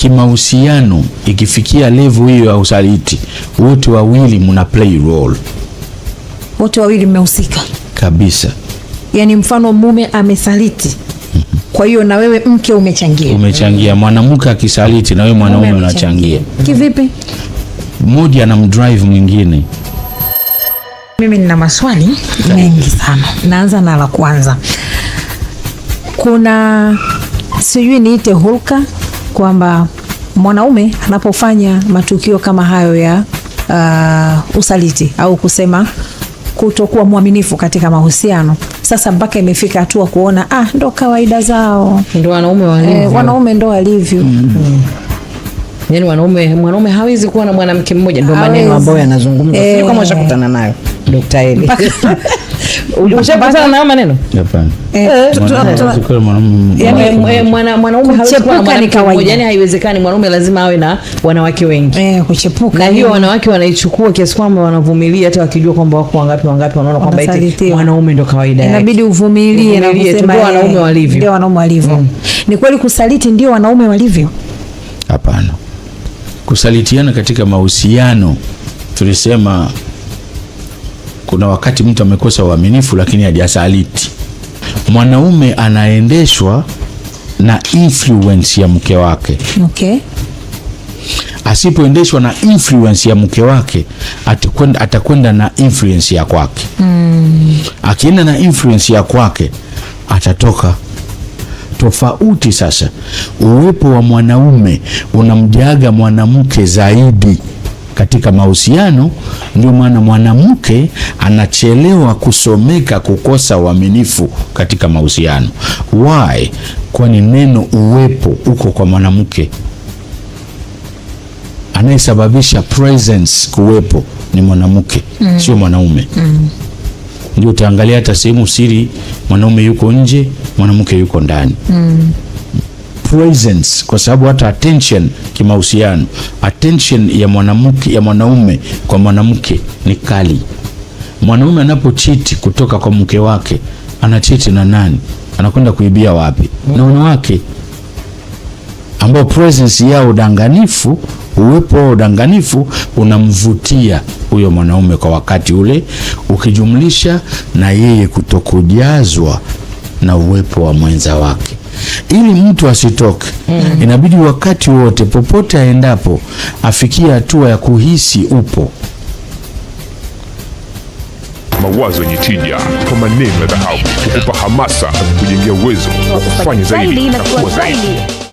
kimahusiano ikifikia levu hiyo ya usaliti, wote wawili mna play role, wote wawili mmehusika kabisa. Yani mfano mume amesaliti mhm. kwa hiyo na wewe mke umechangia, umechangia. Mwanamke akisaliti na wewe mwanaume unachangia. Kivipi? Mmoja mdrive mwingine. Mimi nina maswali mengi sana, naanza na la kwanza. Kuna sijui niite hulka kwamba mwanaume anapofanya matukio kama hayo ya uh, usaliti au kusema kutokuwa mwaminifu katika mahusiano, sasa mpaka imefika hatua kuona ah, ndo kawaida zao, ndo wanaume walivyo, eh, wanaume ndo walivyo mm -hmm. Yani wanaume mwanaume hawezi kuwa na mwanamke mmoja, ndo maneno ambayo yanazungumzwa. Eh. Sio kama ushakutana nayo Dr. Eli. Ushapatana na haya maneno? Mwanaume haiwezekani. Mwanaume lazima awe na wanawake wengi eh, kuchepuka. Na hiyo wanawake wanaichukua kiasi kwamba wanavumilia hata wakijua kwamba wako wangapi wangapi, wanaona kwamba eti mwanaume ndo kawaida yake, inabidi uvumilie na kusema eh, wanaume walivyo, ndio wanaume walivyo. Mm. Ni kweli kusaliti ndio wanaume walivyo? Hapana, kusalitiana katika mahusiano tulisema kuna wakati mtu amekosa uaminifu lakini hajasaliti. Mwanaume anaendeshwa na influence ya mke wake okay. Asipoendeshwa na influence ya mke wake atakwenda, atakwenda na influence ya kwake mm. Akienda na influence ya kwake atatoka tofauti. Sasa uwepo wa mwanaume unamjaga mwanamke zaidi katika mahusiano. Ndio maana mwanamke anachelewa kusomeka, kukosa uaminifu katika mahusiano. Why? Kwani neno uwepo uko kwa mwanamke, anayesababisha presence kuwepo ni mwanamke mm. sio mwanaume mm. Ndio utaangalia hata sehemu siri, mwanaume yuko nje, mwanamke yuko ndani mm presence, kwa sababu hata attention kimahusiano, attention ya mwanamke ya mwanaume kwa mwanamke ni kali. Mwanaume anapochiti kutoka kwa mke wake, anachiti na nani? Anakwenda kuibia wapi? Na wanawake ambao presence ya udanganifu uwepo wa udanganifu unamvutia huyo mwanaume kwa wakati ule, ukijumlisha na yeye kutokujazwa na uwepo wa mwenza wake ili mtu asitoke mm. Inabidi wakati wote popote aendapo afikie hatua ya kuhisi upo. Mawazo yenye tija kwa maneno ya dhahabu kukupa hamasa, kujengea uwezo wa kufanya zaidi na kuwa zaidi.